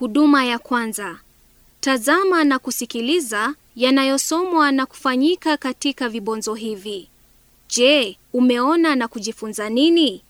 Huduma ya kwanza. Tazama na kusikiliza yanayosomwa na kufanyika katika vibonzo hivi. Je, umeona na kujifunza nini?